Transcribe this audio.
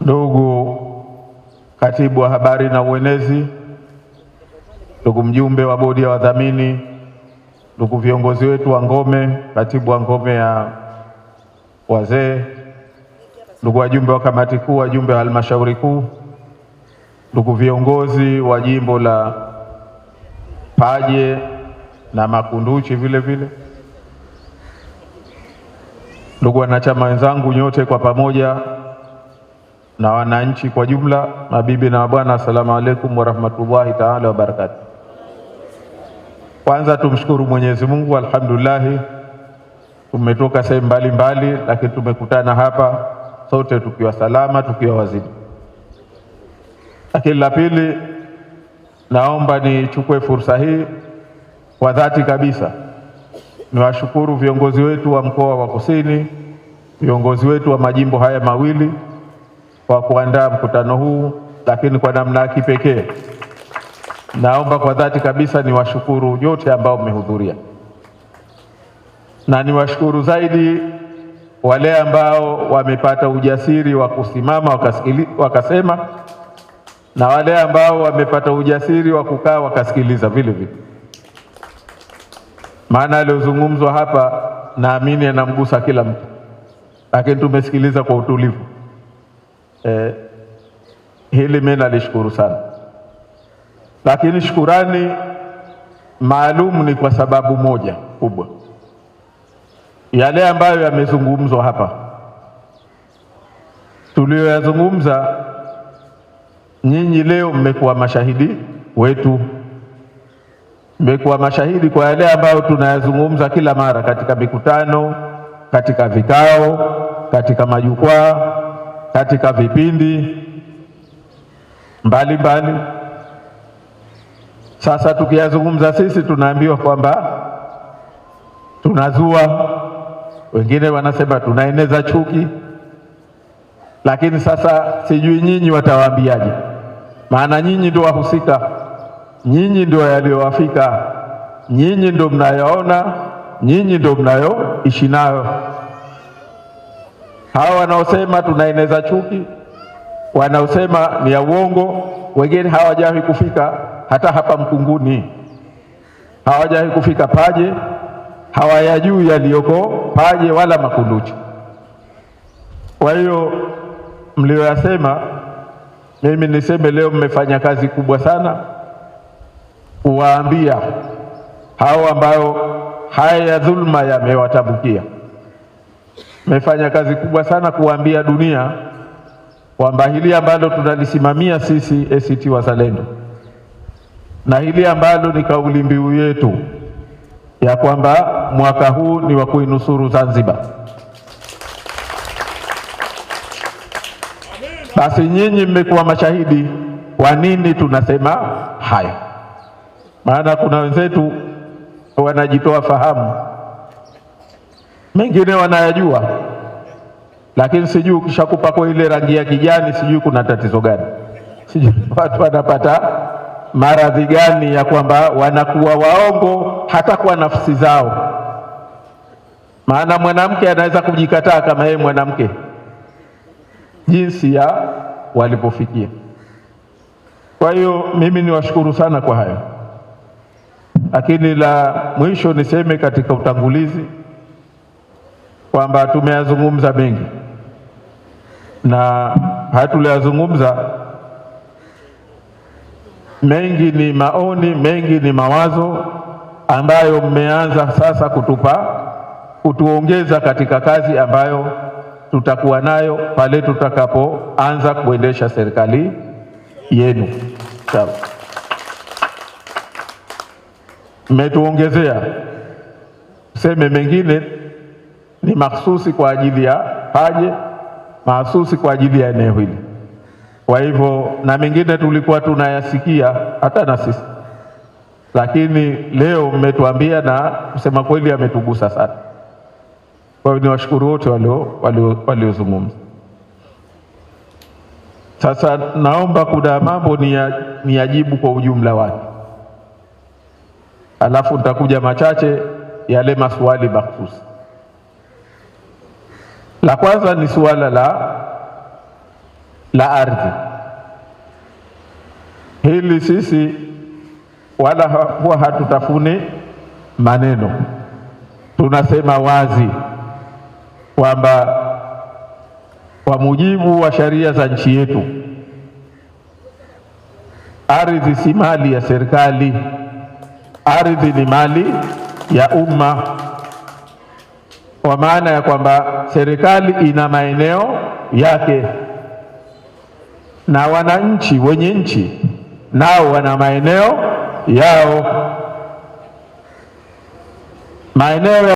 Ndugu katibu wa habari na uenezi, ndugu mjumbe wa bodi ya wadhamini, ndugu viongozi wetu wa ngome, katibu wa ngome ya wazee, ndugu wajumbe wa kamati kuu, wajumbe wa halmashauri kuu, ndugu viongozi wa jimbo la Paje na Makunduchi vile vile Ndugu wanachama wenzangu nyote kwa pamoja na wananchi kwa jumla, mabibi na mabwana, assalamu alaikum warahmatullahi taala wabarakatuh. Kwanza tumshukuru Mwenyezi Mungu, alhamdulillahi, tumetoka sehemu mbalimbali, lakini tumekutana hapa sote tukiwa salama, tukiwa wazima. Lakini la pili, naomba nichukue fursa hii kwa dhati kabisa niwashukuru viongozi wetu wa mkoa wa Kusini, viongozi wetu wa majimbo haya mawili kwa kuandaa mkutano huu, lakini kwa namna ya kipekee naomba kwa dhati kabisa niwashukuru nyote ambao mmehudhuria, na niwashukuru zaidi wale ambao wamepata ujasiri wa kusimama wakasema na wale ambao wamepata ujasiri wa kukaa wakasikiliza vile vile. Maana aliyozungumzwa hapa naamini anamgusa kila mtu, lakini tumesikiliza kwa utulivu. Eh, hili mimi nalishukuru sana, lakini shukurani maalum ni kwa sababu moja kubwa, yale ambayo yamezungumzwa hapa tuliyoyazungumza, nyinyi leo mmekuwa mashahidi wetu mmekuwa mashahidi kwa yale ambayo tunayazungumza kila mara katika mikutano, katika vikao, katika majukwaa, katika vipindi mbalimbali mbali. Sasa tukiyazungumza sisi tunaambiwa kwamba tunazua, wengine wanasema tunaeneza chuki, lakini sasa sijui nyinyi watawaambiaje, maana nyinyi ndio wahusika nyinyi ndio yaliyowafika, nyinyi ndio mnayoona nyinyi ndio mnayoishi nayo. Hawa wanaosema tunaeneza chuki, wanaosema ni ya uongo, wengine hawajawahi kufika hata hapa Mkunguni, hawajawahi kufika Paje, hawayajui yaliyoko Paje wala Makunduchi. Kwa hiyo mlioyasema, mimi niseme leo mmefanya kazi kubwa sana kuwaambia hao ambao haya ya dhulma yamewatabukia. Mmefanya kazi kubwa sana kuwaambia dunia kwamba hili ambalo tunalisimamia sisi ACT Wazalendo na hili ambalo ni kauli mbiu yetu ya kwamba mwaka huu ni wa kuinusuru Zanzibar, basi nyinyi mmekuwa mashahidi kwa nini tunasema haya maana kuna wenzetu wanajitoa fahamu, mengine wanayajua, lakini sijui ukishakupa kwa ile rangi ya kijani, sijui kuna tatizo gani, sijui watu wanapata maradhi gani ya kwamba wanakuwa waongo hata kwa nafsi zao. Maana mwanamke anaweza kujikataa kama yeye mwanamke, jinsi ya walipofikia. Kwa hiyo mimi niwashukuru sana kwa hayo. Lakini la mwisho niseme katika utangulizi kwamba tumeyazungumza mengi na haya tuliyazungumza mengi ni maoni, mengi ni mawazo ambayo mmeanza sasa kutupa kutuongeza katika kazi ambayo tutakuwa nayo pale tutakapoanza kuendesha serikali yenu. Sawa mmetuongezea. Seme mengine ni mahsusi kwa ajili ya Paje, mahsusi kwa ajili ya eneo hili. Kwa hivyo na mengine tulikuwa tunayasikia hata na sisi, lakini leo mmetuambia, na kusema kweli ametugusa sana. Kwa hiyo niwashukuru wote waliozungumza. Sasa naomba kuna mambo ni yajibu kwa ujumla wake alafu nitakuja machache yale maswali makhsusi. La kwanza ni suala la la ardhi. Hili sisi wala huwa hatutafuni maneno, tunasema wazi kwamba kwa mujibu wa sheria za nchi yetu ardhi si mali ya serikali ardhi ni mali ya umma, kwa maana ya kwamba serikali ina maeneo yake na wananchi wenye nchi nao wana maeneo yao, maeneo ya